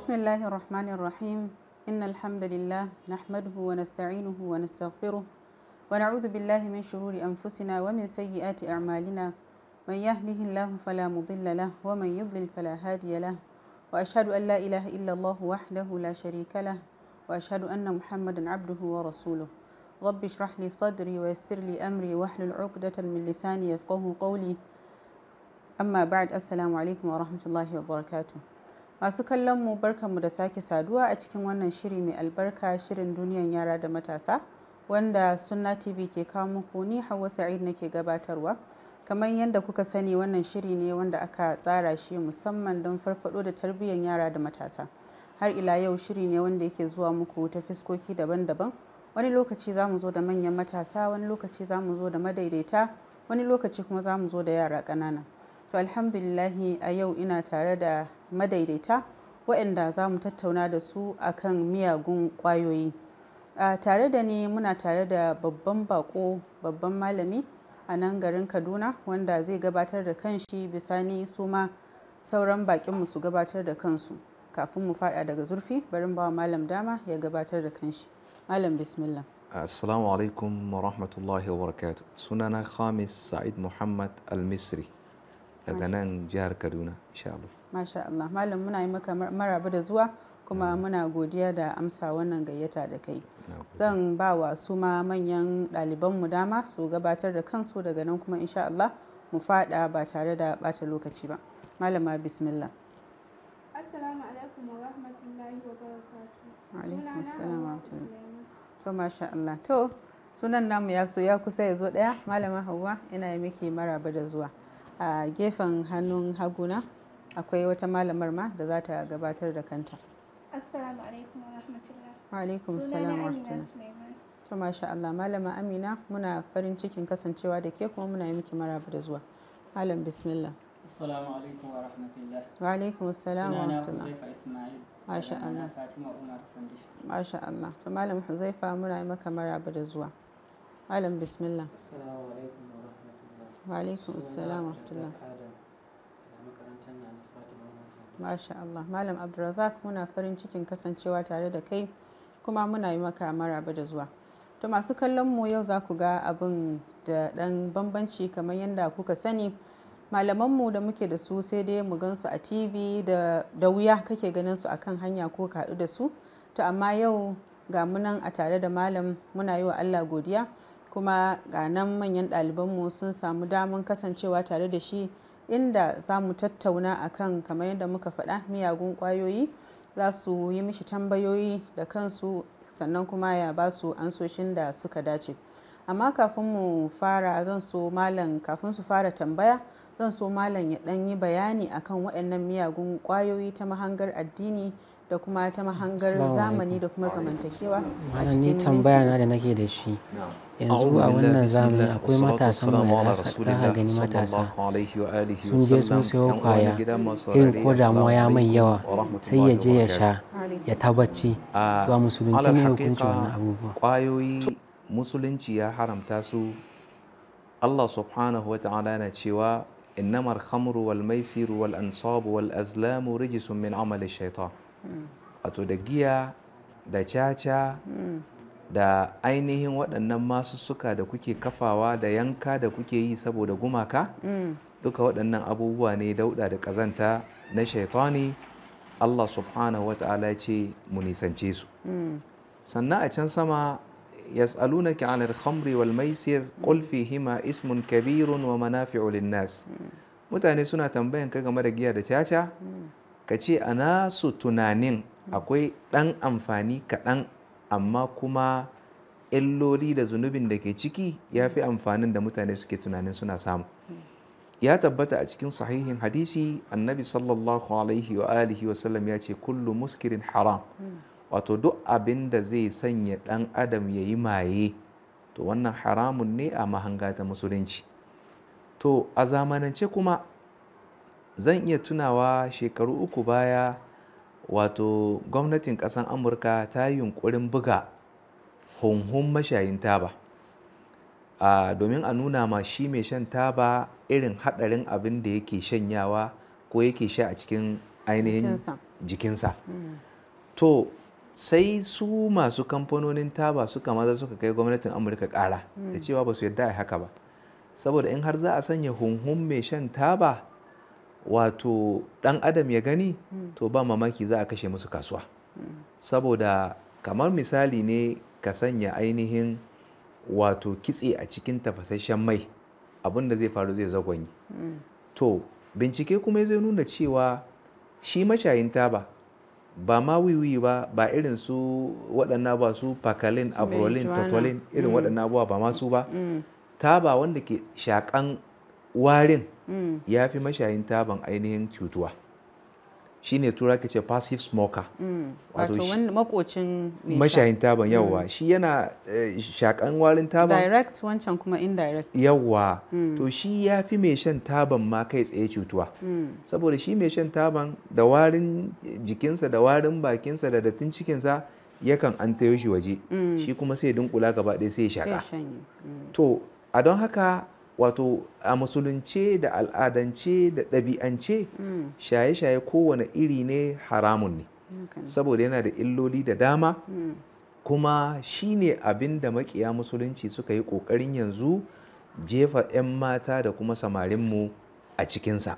بسم الله الرحمن الرحيم إن الحمد لله نحمده ونستعينه ونستغفره ونعوذ بالله من شرور أنفسنا ومن سيئات أعمالنا من يهده الله فلا مضل له ومن يضلل فلا هادي له وأشهد أن لا إله إلا الله وحده لا شريك له وأشهد أن محمدا عبده ورسوله رب اشرح لي صدري ويسر لي أمري واحلل عقدة من لساني يفقه قولي أما بعد السلام عليكم ورحمة الله وبركاته masu kallon mu barkanmu da sake saduwa a cikin wannan shiri mai albarka shirin duniyan yara da matasa wanda sunna tv ke kawo muku ni hawa sa'id nake gabatarwa kamar yadda kuka sani wannan shiri ne wanda aka tsara shi musamman don farfado da tarbiyyar yara da matasa har ila yau shiri ne wanda yake zuwa muku ta fiskoki daban-daban wani lokaci za mu zo da manyan matasa wani lokaci za mu zo da madaidaita wani lokaci kuma za mu zo da yara ƙanana to alhamdulillahi a yau ina tare da madaidaita waɗanda za mu tattauna da su a kan miyagun ƙwayoyi a tare da ni muna tare da babban bako babban malami a nan garin kaduna wanda zai gabatar da kanshi bisani su ma sauran bakinmu su gabatar da kansu kafin mu faɗa daga zurfi barin bawa malam dama ya gabatar da kanshi malam bismillah assalamu alaikum wa rahmatullahi wa sunana khamis sa'id muhammad al-misri daga nan jihar kaduna insha Allah masha Allah malam muna yi maka maraba da zuwa kuma muna godiya da amsa wannan gayyata da kai zan ba wa su ma manyan ɗalibanmu dama su gabatar da kansu daga nan kuma insha Allah mu faɗa ba tare da bata lokaci ba malama bismillah assalamu alaikum wa rahmatullahi wa barakatuh to masha Allah to sunan namu ya so ya kusa ya zo ɗaya malama hawa ina yi miki maraba da zuwa a gefen hannun haguna akwai wata malamar ma da za ta gabatar da kanta assalamu alaikum wa rahmatullah wa alaikum salam wa masha Allah malama Amina muna farin cikin kasancewa da ke kuma muna yi miki maraba da zuwa malam bismillah assalamu alaikum wa rahmatullah wa alaikum assalam wa rahmatullah masha Allah masha Allah to malam Huzaifa muna yi maka maraba da zuwa malam bismillah assalamu alaikum wa rahmatullah wa alaikum assalam wa rahmatullah Masha Allah. Malam Abdulrazak muna farin cikin kasancewa tare da kai kuma muna yi maka maraba da zuwa. To masu kallon mu yau za ku ga abin da ɗan bambanci kamar yadda kuka sani. malaman mu da muke da su sai dai mu gan su a TV da, wuya kake ganin su akan hanya ko ka da su. To amma yau ga munan a tare da malam muna yi wa Allah godiya kuma ga nan manyan mu sun samu damar kasancewa tare da shi inda za mu tattauna a kan kamar yadda muka faɗa miyagun ƙwayoyi za su yi mishi tambayoyi da kansu sannan kuma ya ba su ansoshin da suka dace amma kafin mu fara zan so malam kafin su fara tambaya zan so malam ya ɗan yi bayani akan waɗannan miyagun ƙwayoyi ta mahangar addini da kuma ta mahangar zamani da kuma zamantakewa a cikin tambaya na da nake da shi yanzu a wannan zamani akwai matasa mai ta a gani matasa sun je sun sayo kwaya irin ko damuwa ya mai yawa sai ya je ya sha ya tabbaci ba musulunci ne hukunci wannan abubuwa kwayoyi musulunci ya haramta su Allah subhanahu wa ta'ala yana cewa innamar khamru maisiru wal ansabu wal azlamu rijisun wato da giya da caca da ainihin waɗannan masu suka da kuke kafawa da yanka da kuke yi saboda gumaka duka waɗannan abubuwa ne dauɗa da ƙazanta na shaitani Allah subhanahu wa ta'ala ce mu nisance su sannan a can sama يسألونك عن الخمر والميسر قل فيهما اسم كبير ومنافع للناس mutane suna tambayan ka game da giya da caca ka ce a nasu tunanin akwai ɗan amfani kaɗan amma kuma illoli da zunubin da ke ciki ya fi amfanin da mutane suke tunanin suna samu ya tabbata a cikin sahihin hadisi annabi sallallahu alaihi wa alihi ya ce kullu muskirin haram wato duk abin da zai sanya ɗan adam ya yi maye to wannan haramun ne a mahanga ta musulunci to a zamanance kuma zan iya tunawa shekaru uku baya wato gwamnatin ƙasan amurka ta yi yunkurin buga hunhun mashayin taba a domin a nuna ma shi mai shan taba irin haɗarin abin da yake shanyawa ko yake sha a cikin ainihin jikinsa mm. to sai su masu kamfanonin taba suka maza suka kai gwamnatin amurka kara da hmm. cewa ba su yarda a haka ba saboda in har za a sanya hunhun mai shan taba wato dan adam ya gani hmm. to ba mamaki za a kashe musu kasuwa hmm. saboda kamar misali ne ka sanya ainihin wato kitse a cikin tafasasshen mai abin da zai faru zai zagonyi to bincike kuma zai nuna cewa shi mashayin taba ba ma wiwi ba ba irin su waɗannan ba su pakalin avrolin totolin irin mm. waɗannan abuwa ba masu ba mm. taba wanda ke shakan warin mm. ya fi mashayin taban ainihin cutuwa Shi ne tura ka ce passive smoker mm. wato makocin mashayin taban yawa mm. shi yana eh, shakan warin taban direct wancan kuma indirect yawa mm. to shi ya fi mai shan taban ma kai tsaye cutuwa saboda shi mai shan taban da warin jikinsa da warin bakinsa da datin cikinsa yakan an tayo shi waje shi kuma sai dunkula gaba ɗaya sai ya shaka to a don haka wato a musulunce da al'adance da ɗabi'ance hmm. shaye-shaye kowane iri ne haramun ne saboda yana da illoli da dama hmm. kuma shi ne abin da makiya musulunci suka yi ƙoƙarin yanzu jefa 'yan mata da kuma samarinmu a cikinsa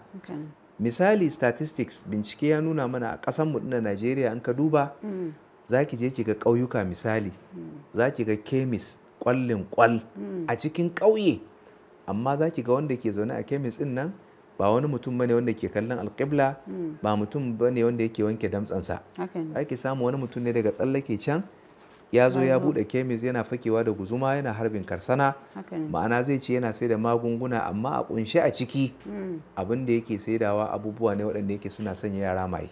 misali statistics bincike ya nuna mana a mu na najeriya an ka duba hmm. za ki je ki ga ƙauyuka misali za ki ga kemis ƙwallin ƙwal a cikin ƙauye amma za ki ga wanda ke zaune a kemis ɗin nan ba wani mutum bane wanda ke kallon alƙibla hmm. ba mutum bane wanda yake wanke damtsansa ake samu wani mutum ne daga tsallake can ya zo ya buɗe kemis yana fakewa da guzuma yana harbin karsana ma'ana zai ce yana sai da magunguna amma a kunshe a ciki hmm. abin da yake saidawa abubuwa ne waɗanda yake suna sanya yara maye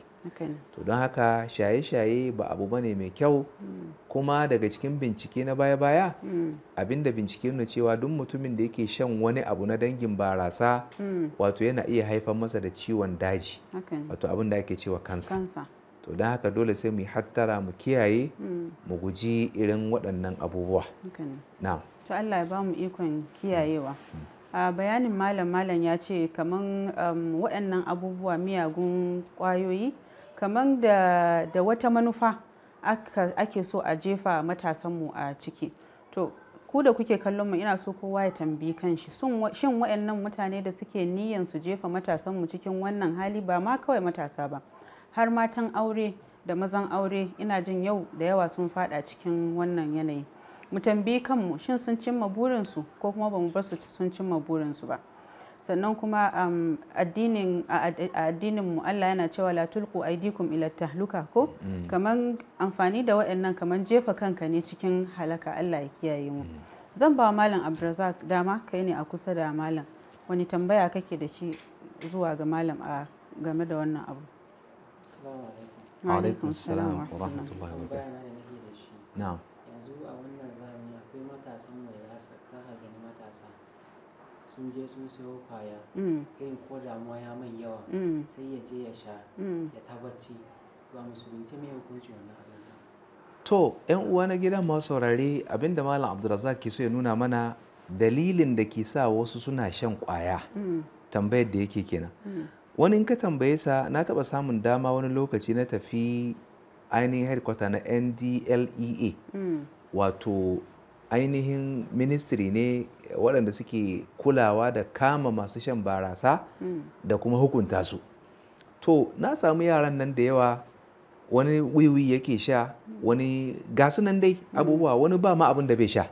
to don haka shaye-shaye ba abu ba ne mai kyau mm. kuma daga cikin bincike na baya-baya mm. abinda bincike nuna cewa duk mutumin da yake shan wani abu na dangin barasa mm. wato yana iya haifar masa da ciwon daji wato abin da ake cewa kansa to don haka dole sai mu hattara mu kiyaye mu guji irin waɗannan abubuwa to Allah ya ba mu ikon kiyayewa a bayanin malam malam ya ce kaman um, waɗannan abubuwa miyagun kwayoyi. kamar da, wata manufa ake so a jefa matasanmu a ciki to ku da kuke kallon mu ina so kowa ya tambayi kanshi shin wayannan mutane da suke niyan su jefa matasanmu cikin wannan hali ba ma kawai matasa ba har matan aure da mazan aure ina jin yau da yawa sun fada cikin wannan yanayi mu tambayi kanmu shin sun cimma burinsu ko kuma ba mu bar su sun cimma burinsu ba sannan kuma um, addinin addinin mu Allah yana cewa la tulku aidikum ila tahluka ko mm. kaman amfani da waɗannan kaman jefa kanka ne cikin halaka Allah ya kiyaye mu mm. zan ba malam Abdulrazak dama kai ne a kusa da malam wani tambaya kake da shi zuwa ga malam a game da wannan abu assalamu alaikum wa rahmatullahi wa barakatuh na'am yanzu a wannan zamani akwai matasan mai sun je sun siyo kwaya mm. irin ko damuwa ya mai yawa mm. sai ya je ya sha mm. ya tabbaci ba musulunci mai hukunci wannan abin to yan uwa na gidan ma saurare abinda malam abdulrazak ke so ya nuna mana dalilin da ke sa wasu suna shan kwaya tambayar da yake kenan wani in ka tambaye sa na taba samun dama wani lokaci na tafi ainihin headquarter na ndlea wato ainihin ministry ne waɗanda suke kulawa da kama masu shan barasa mm. da kuma hukunta su to na samu yaran nan da yawa wani wiwi yake sha mm. wani gasu nan dai mm. abubuwa wani ba ma abin da bai sha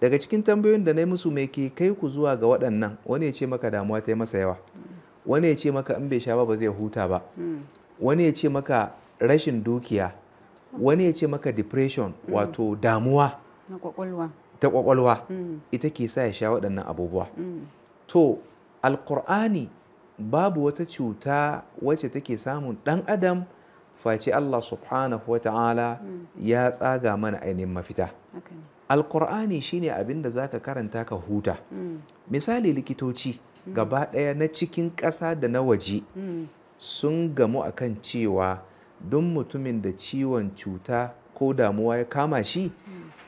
daga cikin tambayoyin da na yi musu mai ke kai ku zuwa ga waɗannan wani ya ce maka damuwa ta yi masa yawa wani ya ce maka in bai sha ba ba zai huta ba wani ya ce maka rashin dukiya wani ya ce maka depression wato damuwa ta kwakwalwa mm. ita ke sa ya sha waɗannan abubuwa mm. to alkur'ani babu wata cuta wacce take samun ɗan adam face Allah subhanahu wa ta'ala mm. ya tsaga mana ainihin mafita alkur'ani shine abin da za ka karanta ka huta misali likitoci gaba ɗaya na cikin ƙasa da na waje sun gamu akan cewa don mutumin da ciwon cuta ko damuwa ya kama shi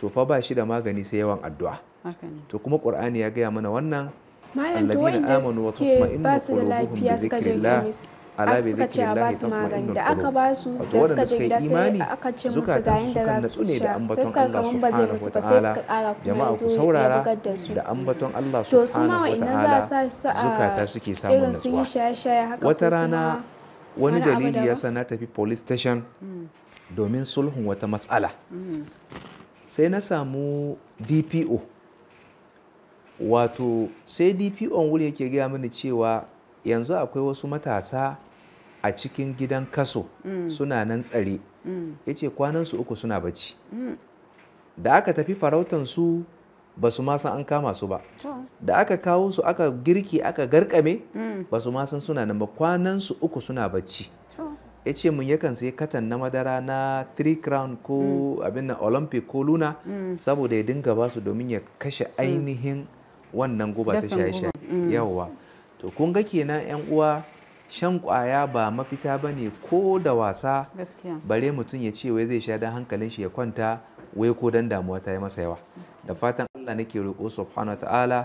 to fa ba shi da magani sai yawan addu'a to kuma qur'ani ya gaya mana wannan allazina amanu wa tatma'innu qulubuhum bi dhikrillah ala bi dhikrillah tatma'innu da aka ba su da suka je gida sai aka ce musu ga yanda za su sha sai suka ga mun ba zai musu ba sai suka ƙara kuma yanzu saurara da ambaton Allah subhanahu wa ta'ala to su ma wa'annan za a sa su ah, zukata suke samun nutsuwa irin sun yi shaye-shaye haka wata rana wani dalili ya sa na tafi police station mm. domin sulhun wata matsala mm. sai na samu dpo wato sai dpo wuri yake gaya mini cewa yanzu akwai wasu matasa a cikin gidan kaso mm. suna nan tsare mm. ya ce kwanansu uku suna bacci mm. da aka tafi farautansu ba su ma san an kama su ba da aka kawo su aka girki aka garkame ba su ma san suna nan ba kwanansu uku suna bacci ya ce mun yakan sai katan na madara na three crown ko mm. abin na olympic ko luna mm. saboda ya dinga ba su domin ya kashe ainihin wannan guba ta shaye-shaye mm. yawwa to kun ga kenan yan uwa shan kwaya ba mafita ba ne ko da wasa bare mutum ya ce wai zai sha don hankalin shi ya kwanta wai ko dan damuwa ta yi masa yawa da fatan allah nake roƙo subhanahu wa ta'ala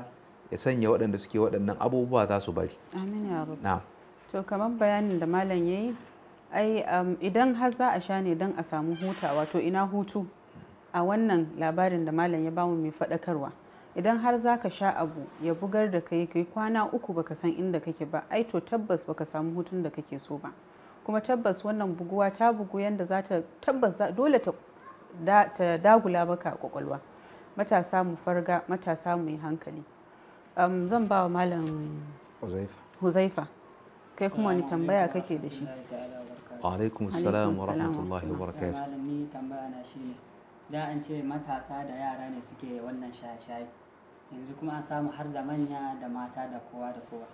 ya sanya waɗanda suke waɗannan abubuwa za su bari amin ya to kamar bayanin da malam ya yi ai idan har za a sha ne don a samu huta wato ina hutu a wannan labarin da malam ya bamu mai faɗakarwa idan har za ka sha abu ya bugar da kai kai kwana uku baka san inda kake ba ai to tabbas baka samu hutun da kake so ba kuma tabbas wannan buguwa ta bugu yadda za ta tabbas dole ta dagula maka a kwakwalwa matasa mu farga matasa mu yi hankali zan ba wa malam huzaifa kai kuma wani tambaya kake da shi alaikum assalam wa rahmatullahi wa barakatuh malam tambaya na shine da an ce matasa da yara ne suke wannan shaye-shaye yanzu kuma an samu har da manya da mata da kowa da kowa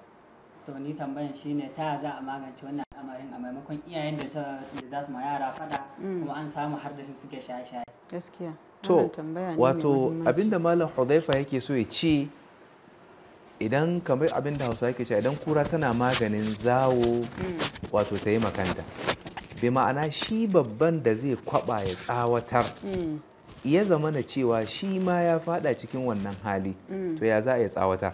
to ni tambayan shine ta za a magance wannan al'amarin a maimakon iyayen da za su ma yara fada mm. kuma an samu har da su suke shaye-shaye gaskiya to wato abinda malam hudhaifa yake so ya ce idan kamar abin da hausa yake cewa idan kura tana maganin zawo mm. wato ta yi makanta bi ma'ana shi babban da zai kwaba ya tsawatar mm. ya zamana cewa shi ma ya fada cikin wannan hali mm. to ya za a ya tsawatar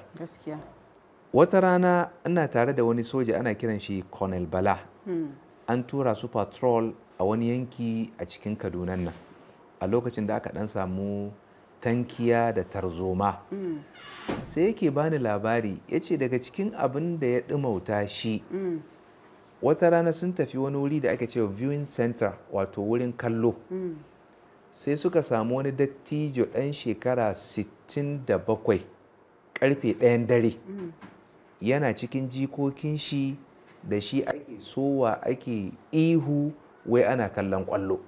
wata rana ina tare da wani soja ana kiran shi colonel bala an tura su patrol a wani yanki a cikin kaduna nan a lokacin da aka dan samu tankiya da tarzoma sai yake bani labari ya ce daga cikin abin da ya ɗumauta shi mm. wata rana sun tafi wani wuri da ake cewa viewing center wato wurin kallo mm. sai suka samu wani dattijo ɗan shekara 67 karfe ɗayan dare mm. yana cikin jikokin shi da shi ake sowa ake ihu wai ana kallon ƙwallo.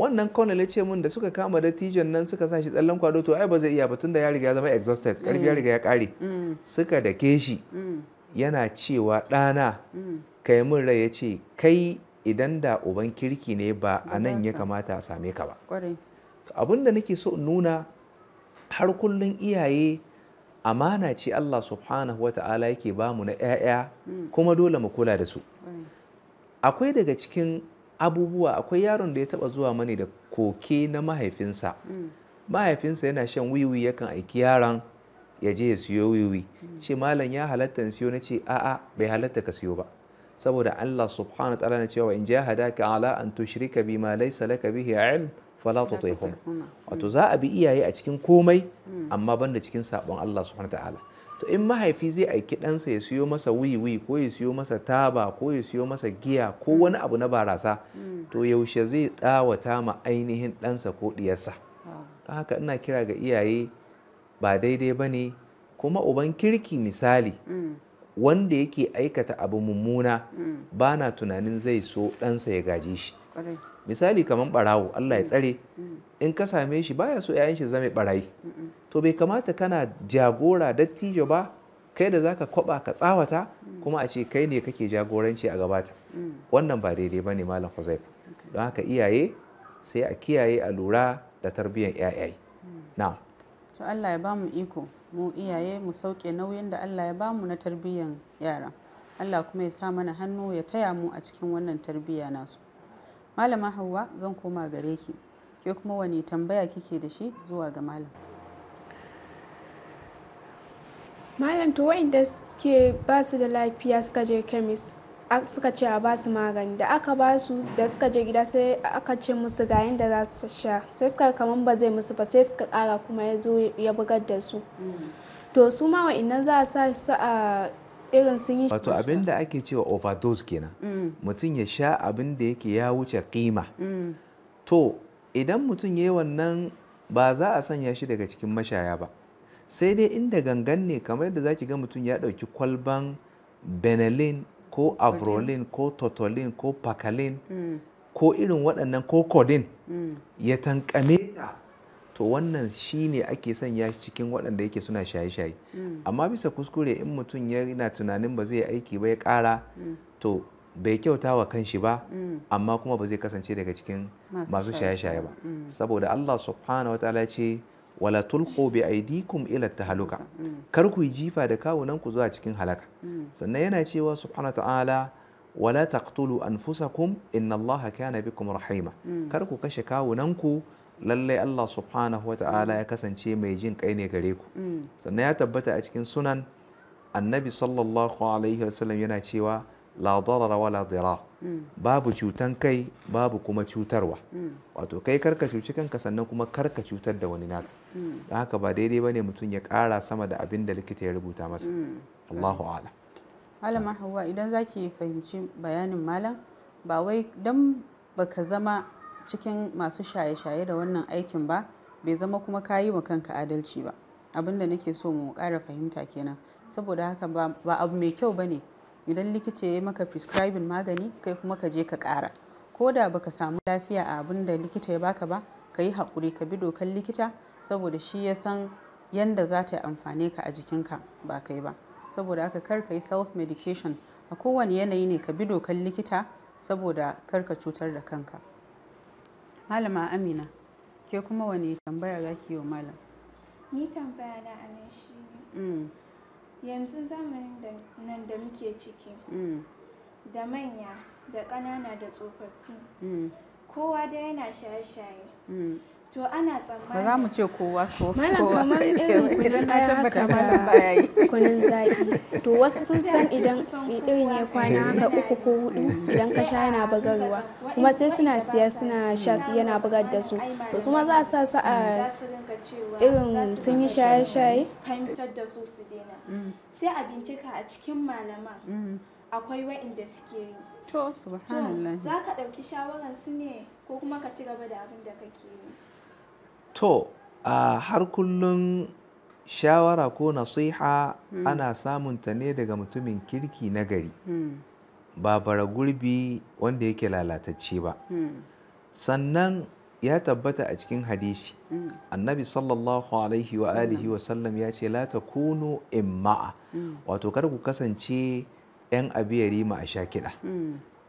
wannan colonel ya ce min da suka kama dattijon nan suka sa shi tsallan kwado to ai ba zai iya ba da ya riga ya zama exhausted karfi ya eh. riga ya kare mm. suka dake shi mm. yana cewa ɗana mm. kai mun rai ya ce kai idan da uban kirki ne ba a nan ya kamata a same ka ba abin da nake so in nuna har kullun iyaye amana ce Allah subhanahu wata'ala yake bamu na 'ya'ya kuma dole mu kula da su akwai daga cikin abubuwa akwai yaron da ya taba zuwa mani da koke na mahaifinsa mm. mahaifinsa yana shan wiwi yakan aiki yaron ya je ya siyo wiwi mm. ce malam ya halatta siyo na ce a'a bai halatta ka siyo ba saboda Allah subhanahu wa ta'ala na cewa in jahadaka ala an tushrika bima laysa laka bihi ilm fala tutihum wato za a bi iyaye a cikin komai mm. amma banda cikin sabon Allah subhanahu wa ta'ala to in mahaifi zai aiki ɗansa ya siyo masa wiwi ko ya siyo masa taba ko ya siyo masa giya ko mm. wani abu na barasa mm. to yaushe zai ɗawata ma ainihin ɗansa ko ɗiyarsa don haka ina kira ga iyaye ba daidai ba ne kuma uban kirki misali mm. wanda yake aikata abu mummuna ba na tunanin zai so ɗansa ya gaje shi misali kamar ɓarawo allah ya tsare in ka same shi baya so 'ya'yan shi zame ɓarayi to bai kamata kana jagora dattijo ba kai da zaka kwaba ka tsawata kuma a ce kai ne kake jagoranci a gabata mm. wannan ba daidai ba ne, malam Kuzai. don haka iyaye sai a kiyaye a lura da tarbiyyar yayaye mm. Na. to Allah ya ba mu iko mu iyaye mu sauke nauyin da Allah ya ba mu na tarbiyyar yara Allah kuma ya sa mana hannu ya taya mu a cikin wannan tarbiyya nasu malama Hauwa zan koma gare ki ke kuma wani tambaya kike da shi zuwa ga malam malam to wa'inda suke ba su da lafiya suka je kemis suka ce a ba su magani da aka ba su da suka je gida sai aka ce musu ga yadda za su sha sai suka kamar ba zai musu ba sai suka kara kuma ya zo ya bugar da su to su ma wa'innan za a sa su a irin sun yi wato abin da ake cewa overdose kenan mutum ya sha abin da yake ya wuce kima to idan mutum ya yi wannan ba za a sanya shi daga cikin mashaya ba sai dai inda gangan ne kamar yadda zaki ga mutum ya ɗauki kwalban benelin ko avrolin ko totolin ko pakalin mm. ko irin waɗannan ko kodin mm. ya tankame ta to wannan shi ne ake sanya cikin waɗanda yake suna shaye-shaye mm. amma bisa kuskure in mutum yana tunanin ba zai aiki ba ya ƙara to bai kyauta wa kanshi ba amma kuma ba zai kasance daga cikin masu shaye-shaye ba saboda Allah subhanahu ta'ala ce wala tulqu bi aydikum ila tahaluka kar ku jifa da kawunan ku zuwa cikin halaka sannan yana cewa subhanahu ta'ala wala taqtulu anfusakum inna allaha kana bikum rahima kar ku kashe kawunan ku lallai Allah subhanahu wa ta'ala ya kasance mai jin kai ne gare ku sannan ya tabbata a cikin sunan annabi sallallahu alaihi wasallam yana cewa la darara wa dira babu cutan kai babu kuma cutarwa wato kai karka cuci kanka sannan kuma karka cutar da wani naka da haka ba daidai ba ne mutum ya ƙara sama da abin da likita ya rubuta masa mm. allahu ala malama hawa idan za ki fahimci bayanin malam ba wai don baka zama cikin masu shaye-shaye da wannan aikin ba bai zama kuma ka yi wa kanka adalci ba abin da nake so mu kara fahimta kenan saboda haka ba abu mai kyau ba ne idan likita ya yi maka prescribing magani kai kuma ka je ka ƙara ko da baka samu lafiya a abin da likita ya baka ba ka yi haƙuri ka bi dokar likita saboda shi ya san yadda za ta yi amfani ka a jikinka ba kai ba saboda haka kar ka yi self medication a kowane yanayi ne ka bi dokan likita saboda kar ka cutar da kanka malama amina ke kuma wani tambaya za ki yi wa malam ni tambaya na anan shi ne mm. yanzu zamanin da nan da muke ciki mm. da manya da ƙanana da tsofaffi mm. kowa da yana shaye-shaye To ana tsammani. Ba za mu ce kowa ko. Malam kamar irin kunun aya haka ba kunun zaki. To wasu sun san idan irin ya kwana haka uku ko hudu idan ka sha yana bugarwa. Kuma sai suna siya suna sha su yana bugar da su. To su ma za a sa su a irin sun yi shaye-shaye. Fahimtar da su su daina. Mm. Sai a bincika a cikin malaman. Mm. Akwai wa'inda suke yi. To, subhanallah. Za ka ɗauki shawaran su ne ko kuma ka ci gaba da abin da kake yi. to a har kullum shawara ko nasiha hmm. ana samun ta ne daga mutumin kirki na gari hmm. ba bara gurbi wanda yake lalatacce ba hmm. sannan ya tabbata a cikin hadisi annabi sallallahu alaihi wa alihi wa sallam ya ce la takunu imma'a wato kar ku kasance yan abiyari ma a sha kiɗa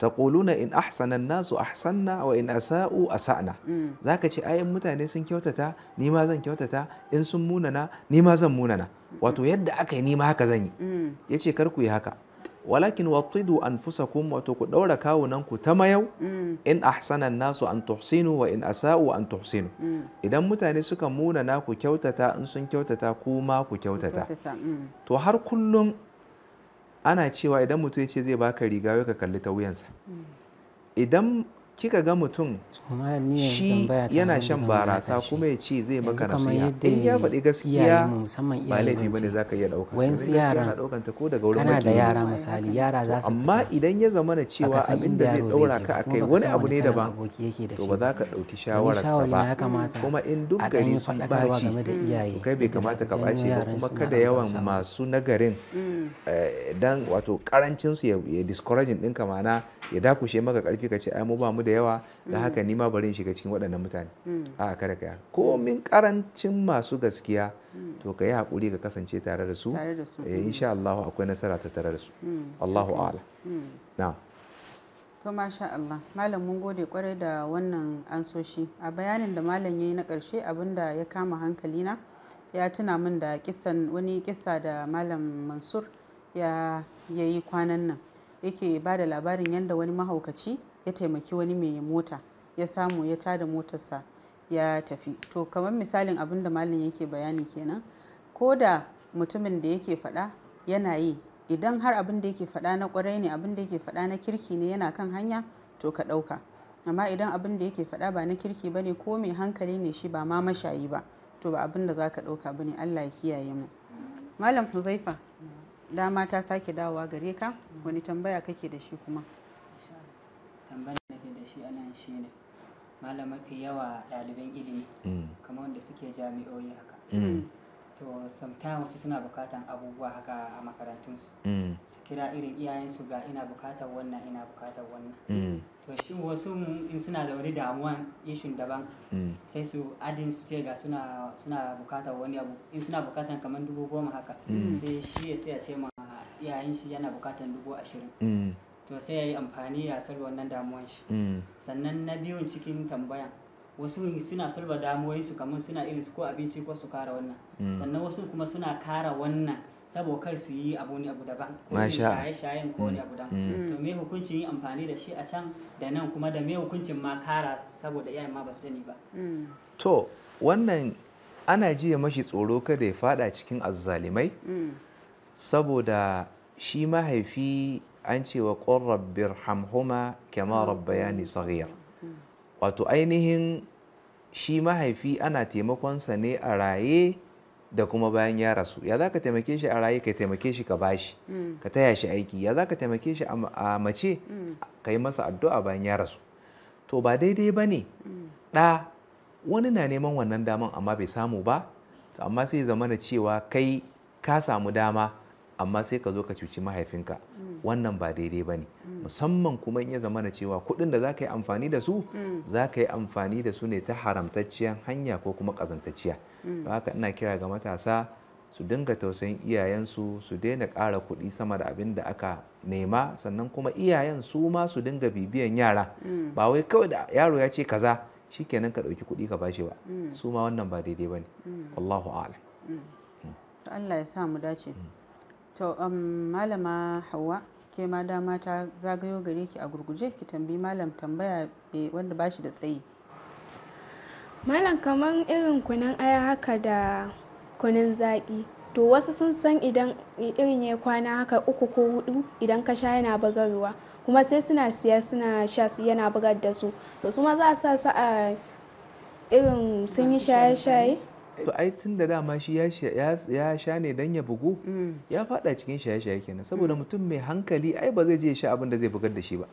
taquluna in ahsana nasu ahsanna wa in asa'u asa'na mm. zaka ce ayin mutane sun kyautata ni ma zan kyautata in sun munana ni ma zan munana wato yadda aka yi ni ma haka zan yi mm. yace kar ku yi haka walakin watidu anfusakum wato ku ɗaura kawunan ku ta yau. Mm. in ahsana nasu an tuhsinu wa in asa'u an tuhsinu idan mutane suka munana ku kyautata in sun kyautata ma ku kyautata to har kullun. ana cewa idan mutum ya ce zai baka riga ka kalli ta wuyansa mm. idan kika ga mutum shi yana shan barasa kuma ya ce zai maka nasiha in ya faɗi gaskiya ba laifi bane za ka iya ɗauka wayansu yara kana da yara misali yara za su amma idan ya zama na cewa abin da zai ɗaura ka a kai wani abu ne daban to ba za ka ɗauki shawararsa ba kuma in duk gari sun ɓaci mm. kai bai kamata ka ɓaci ba kuma kada yawan masu nagarin mm. eh, dan wato karancinsu ya discouraging ɗinka mana ya dakushe maka ƙarfi ka ce ai mu ba mu da da yawa da mm. haka nima bari in shiga cikin waɗannan mutane mm. a kada ka komin karancin masu gaskiya mm. to ka yi haƙuri ka kasance tare da su eh, insha Allah akwai nasara ta tare da su Allahu a'ala na to masha Allah malam mun gode kwarai da wannan ansoshi a bayanin da malam yayi na ƙarshe abinda ya kama hankali na ya tuna min da kisan wani kisa da malam Mansur ya yayi kwanan nan yake ba da labarin yadda wani mahaukaci ya taimaki wani mai mota ya samu ya tada motarsa ya tafi to kamar misalin abin da malin yake bayani kenan ko da mutumin da yake faɗa yana yi idan har abin da yake faɗa na kwarai ne abin da yake faɗa na kirki ne yana kan hanya to ka ɗauka amma idan abin da yake faɗa ba na kirki ba ne ko mai hankali ne shi ba ma mashayi ba to ba abin da za ka ɗauka ba ne allah ya kiyaye mu malam huzaifa dama ta sake dawowa gare ka wani tambaya kake da shi kuma tambayar da ke da shi anan shi ne malam mafi yawa ɗaliban ilimi mm. kamar wanda suke jami'o'i haka mm. to sometimes suna bukatan abubuwa haka a makarantunsu mm. su kira irin iyayensu ga ina buƙatar wannan ina buƙatar wannan to shi wasu in suna da wani damuwan ishin daban sai su adin su ce ga suna suna wani abu in suna bukatan kamar dubu goma haka sai shi ya sai a ce ma iyayen shi yana bukatan dubu ashirin to sai ya yi amfani ya salwa wannan damuwan shi mm. sannan na biyun cikin tambaya, wasu suna salwa damuwai su kamar suna irin su ko abinci ko su kara wannan mm. sannan wasu kuma suna kara wannan sabo kai su yi abu ne abu daban ko shaye-shayen ko wani mm. abu daban to me hukuncin yin amfani da shi a can da nan kuma da me hukuncin ma kara saboda iyayen ma ba su sani ba to wannan ana jiya mashi tsoro kada ya fada cikin azzalimai saboda shi mahaifi an ce wa qur rabbir hamhuma kama ah. rabbayani saghir wato ainihin shi mahaifi ana taimakonsa ne a raye da kuma bayan ya rasu ya za ka taimake shi a raye ka taimake shi ka bashi hmm. ka taya shi aiki ya za ka taimake shi a mace hmm. ka yi masa addu'a bayan ya rasu to ba daidai ba ne hmm. ɗa wani na neman wannan daman amma bai samu ba to amma sai zama na cewa kai ka samu dama amma sai ka zo ka cuci mahaifinka wannan ba daidai ba ne musamman kuma in ya zama na cewa kuɗin da za ka yi amfani da su mm. za ka yi amfani da su ne ta haramtacciyar hanya ko kuma ƙazantacciya mm. don haka ina kira ga matasa su dinga tausayin iyayensu su daina ƙara kuɗi sama da abin da aka nema sannan kuma iyayen su ma su dinga bibiyan yara mm. ba wai kawai da yaro ya ce kaza Shi shikenan ka ɗauki kuɗi ka bashi ba su ma wannan ba daidai ba ne Allahu To Allah ya sa mu dace to um, malama Hauwa ke ma dama ta zagayo gare ki a gurguje ki tambayi malam tambaya eh, wanda ba shi da tsayi malam kamar irin kunan aya haka da kunan zaƙi to wasu sun san idan irin ya kwana haka uku ko hudu idan ka sha yana bugarwa kuma sai suna siya suna sha su yana bugar da su to su ma za a sa su a irin sun yi shaye-shaye to ai tun da dama shi ya sha ne dan ya bugu mm. ya fada cikin shaye-shaye kenan saboda mm. mutum mai hankali ai ba zai je sha abin da zai bugar da shi ba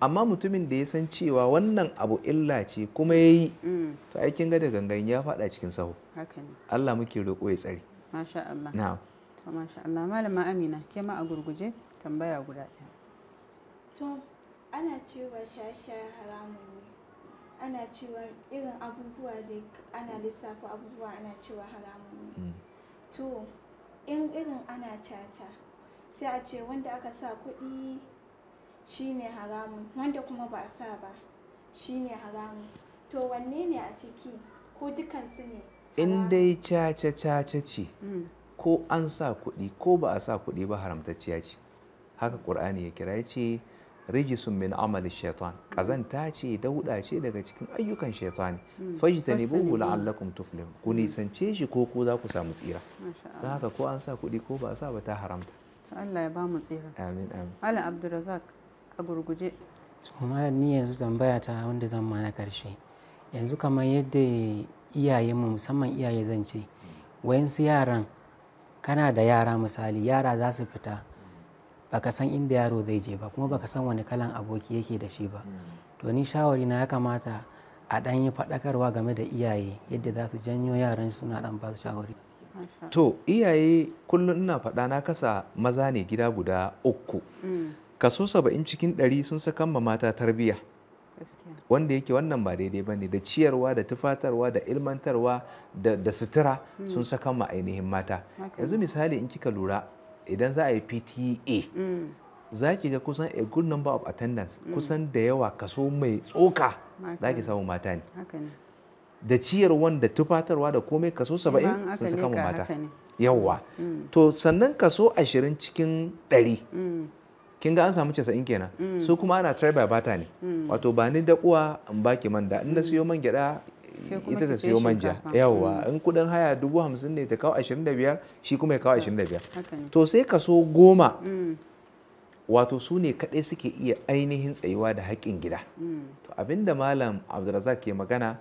amma mutumin da ya san cewa wannan abu illa ce kuma ya yi mm. to ai kin ga da gangan ya fada cikin sahu Allah muke roƙo ya tsare masha Allah na'am to masha Allah malama Amina ke ma a gurguje tambaya guda ɗaya to ana cewa shasha haramun ana cewa irin abubuwa da ana lissafa abubuwa ana cewa haramun mm. to in irin ana cata sai a ce wanda aka sa kuɗi shine haramun wanda kuma ba a sa ba shine haramun to wanne ne a ciki ko dukansu ne in dai caca caca ce mm. ko an sa kuɗi ko ba a sa kuɗi ba haramtacciya ce haka ƙur'ani ya kira ya ce rijisun min amali shaitan kazanta ce dauda ce daga cikin ayyukan shaitani hmm, fajtanibuhu la'allakum tuflihun ku nisance shi ko ku za ku samu tsira don haka ko an sa kuɗi ko ba a sa ba ta haramta Allah ya ba mu tsira amin amin ala a gurguje to ni yanzu tambaya ta wanda zan ma na karshe yanzu kamar yadda mu musamman iyaye zan ce wayansu yaran kana da yara misali yara za su fita baka san inda yaro zai je ba kuma baka san wani kalan aboki yake da shi ba hmm. to ni shawari na ya kamata a dan yi faɗakarwa game da iyaye yadda za su janyo yaran suna dan ba su shawari to iyaye kullum ina faɗa na kasa maza ne gida guda uku hmm. kaso saba'in cikin ɗari sun saka ma mata tarbiyya wanda yake wannan ba daidai bane da ciyarwa da tufatarwa da ilmantarwa da sutura hmm. sun saka ma ainihin mata yanzu misali in kika lura idan za a yi pta za ki ga kusan a good number of attendance kusan da yawa kaso mai tsoka za ki samu mata ne da ciyar wanda tufatarwa da komai kaso saba'in sun mu mata yawa mm. to sannan kaso ashirin cikin ɗari mm. kin ga an samu casa'in kenan mm. su kuma ana try by bata ne wato ba ni da kuwa in baki man da in na siyo man gyada ita ta siyo manja yawa mm. in kudin haya dubu hamsin ne ta kawo ashirin da biyar shi kuma ya kawo ashirin da biyar to sai kaso goma mm. wato su ne kaɗai suke iya ainihin tsayuwa da haƙƙin gida mm. to abinda malam abdulrazak ke magana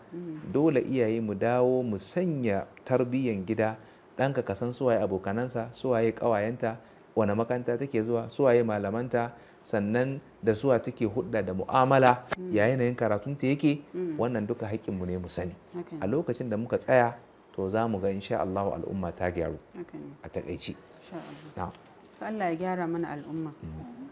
dole iyaye mu dawo mu sanya tarbiyyan gida ɗanka ka san suwaye abokanansa suwaye ƙawayenta wane makanta take zuwa suwaye malamanta sannan da suwa take hudda da mu'amala ya yanayin karatunta yake wannan duka mu ne mu sani a lokacin da muka tsaya to za mu ga insha Allah al'umma ta gyaru a takaici Allah ya gyara mana al'umma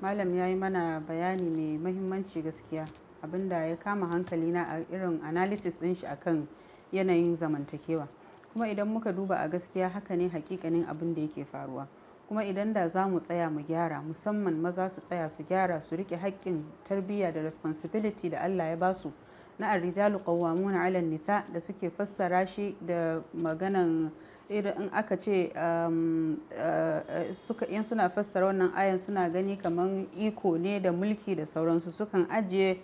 malam ya yi mana bayani mai mahimmanci gaskiya abin da ya kama hankali na a irin analysis din shi akan yanayin zamantakewa kuma idan muka duba a gaskiya haka ne hakikanin abin da yake faruwa kuma idan da za mu tsaya mu gyara musamman maza su tsaya su gyara su rike haƙƙin tarbiyya da responsibility da Allah ya basu na arrijalu qawwamuna 'ala nisa da suke fassara shi da maganan in aka ce um, uh, in suna fassara wannan ayan suna gani kamar iko ne da mulki da sauransu sukan ajiye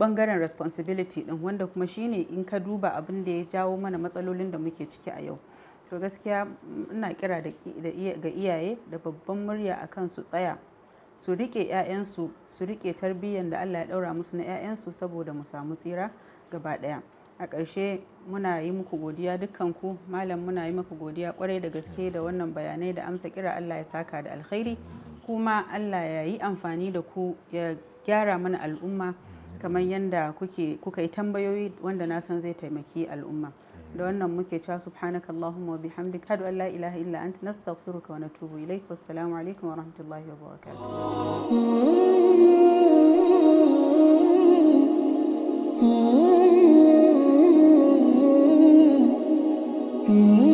bangaren uh, responsibility din wanda kuma shine in ka duba abin da ya jawo mana matsalolin da muke ciki a yau to gaskiya ina kira ga iyaye da babban murya akan su tsaya su rike 'ya'yansu su rike tarbiyyar da Allah ya daura musu na 'ya'yansu saboda mu samu tsira gaba ɗaya a ƙarshe muna yi muku godiya dukkanku malam muna yi muku godiya kwarai da gaske da wannan bayanai da amsa kira Allah ya saka da alkhairi kuma Allah ya yi amfani da ku ya gyara mana al'umma kamar yadda kuka yi tambayoyi wanda na san zai taimaki al'umma da wannan muke cewa subhanaka allahumma wa bihamdik hadu an la ilaha illa anta nastaghfiruka wa natubu ilaik wassalamu alaikum wa rahmatullahi wa barakatuh